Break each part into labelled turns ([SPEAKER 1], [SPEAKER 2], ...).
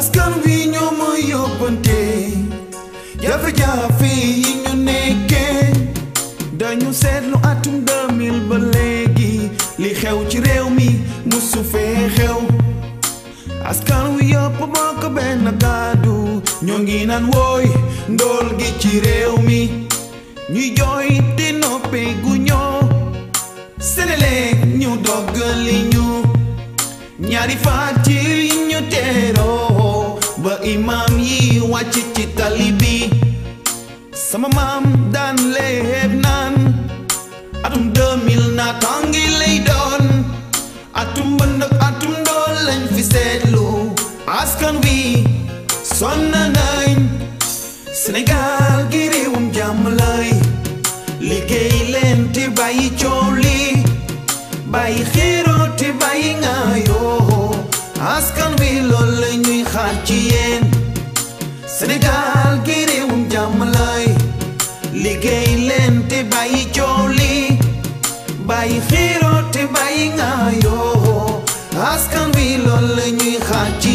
[SPEAKER 1] askan bi ñoo ma yóbbante jafe-jafe yi ñu nekkee dañu seetlu atum 2000 ba léegi li xew ci réew mi musu fee xew askan wi yëpp bokk benn kàddu ñoo ngi naan wooy ndool gi ci réew mi ñuy jooy te noppee gu ñoo Senelec ñu ñu ñaari faat askan wi sonn nañ gi réewum jàmm lay liggéey leen te bàyyi coow li bàyyi xiiroo te bàyyi ŋaayoo askan wi lool la ñuy xaar ci yéen gi réewum jàmm lay liggéey leen te bàyyi coow li bàyyi xiiroo te bàyyi ŋaayoo askan wi lool la ñuy xaar ci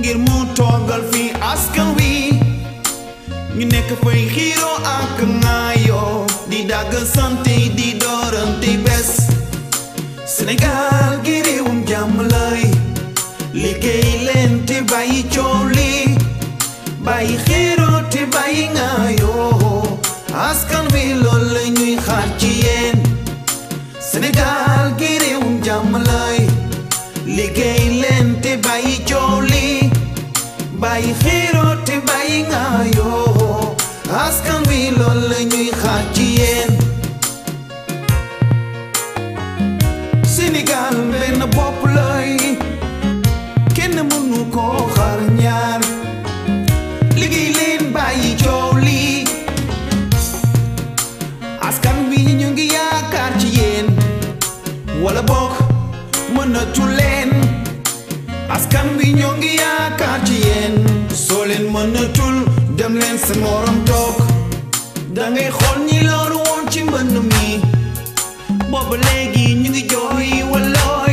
[SPEAKER 1] ngir mu togal fi askan wi ñu nek fay xiro ak ngaayoo di dag sante di doorante bes senegal gi réewum jam lay liggéey len ti bàyyi choli li xiro ti te bàyyi askan wi loolu la ñuy xar ci yeen senegal gi réewum jam lay liggéey daayoo askan wi lool la ñuy xaar ci yéen Sénégal benn bopp lay kenn mënu koo xaar ñaar liggéey leen bàyyi coow askan wi ñu ngi yaakaar ci yéen wala bokk mënatu leen askan wi ñoo ngi yaakaar Să moram în toc Dar ngay khôn như lo ruôn chim bên nằm mi Bỏ bà lê ghi những cái joy Và lôi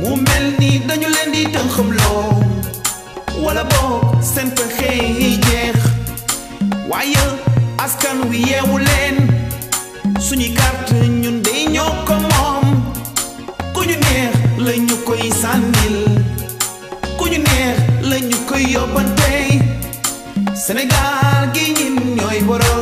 [SPEAKER 1] Mùa mê ni đã nhu lên đi tăng khâm lô Và là bọc Sen phải khê hi dech Why you ask can we ever lên Sun yi carte nhun de nyo komom Cô nhu nè lời nhu koi san nil Cô nhu nè lời nhu koi yo Senegal, Guinea, y Boró.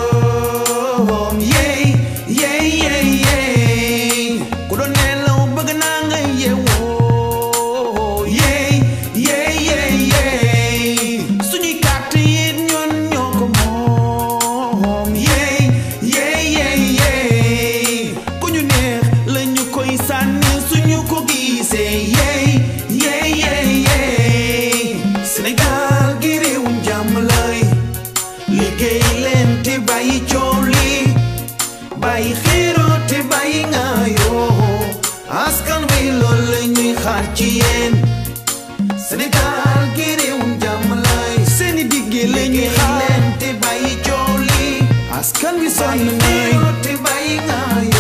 [SPEAKER 1] liggéey leen te bàyyi coow li bàyyi xiiroo te bàyyi ŋaayoo askan wi loolu la ñuy ci yéen Sénégal gi réewum jàmm lay seeni digge la ñuy xaar leen te bàyyi askan wi sonn nañ te bàyyi ŋaayoo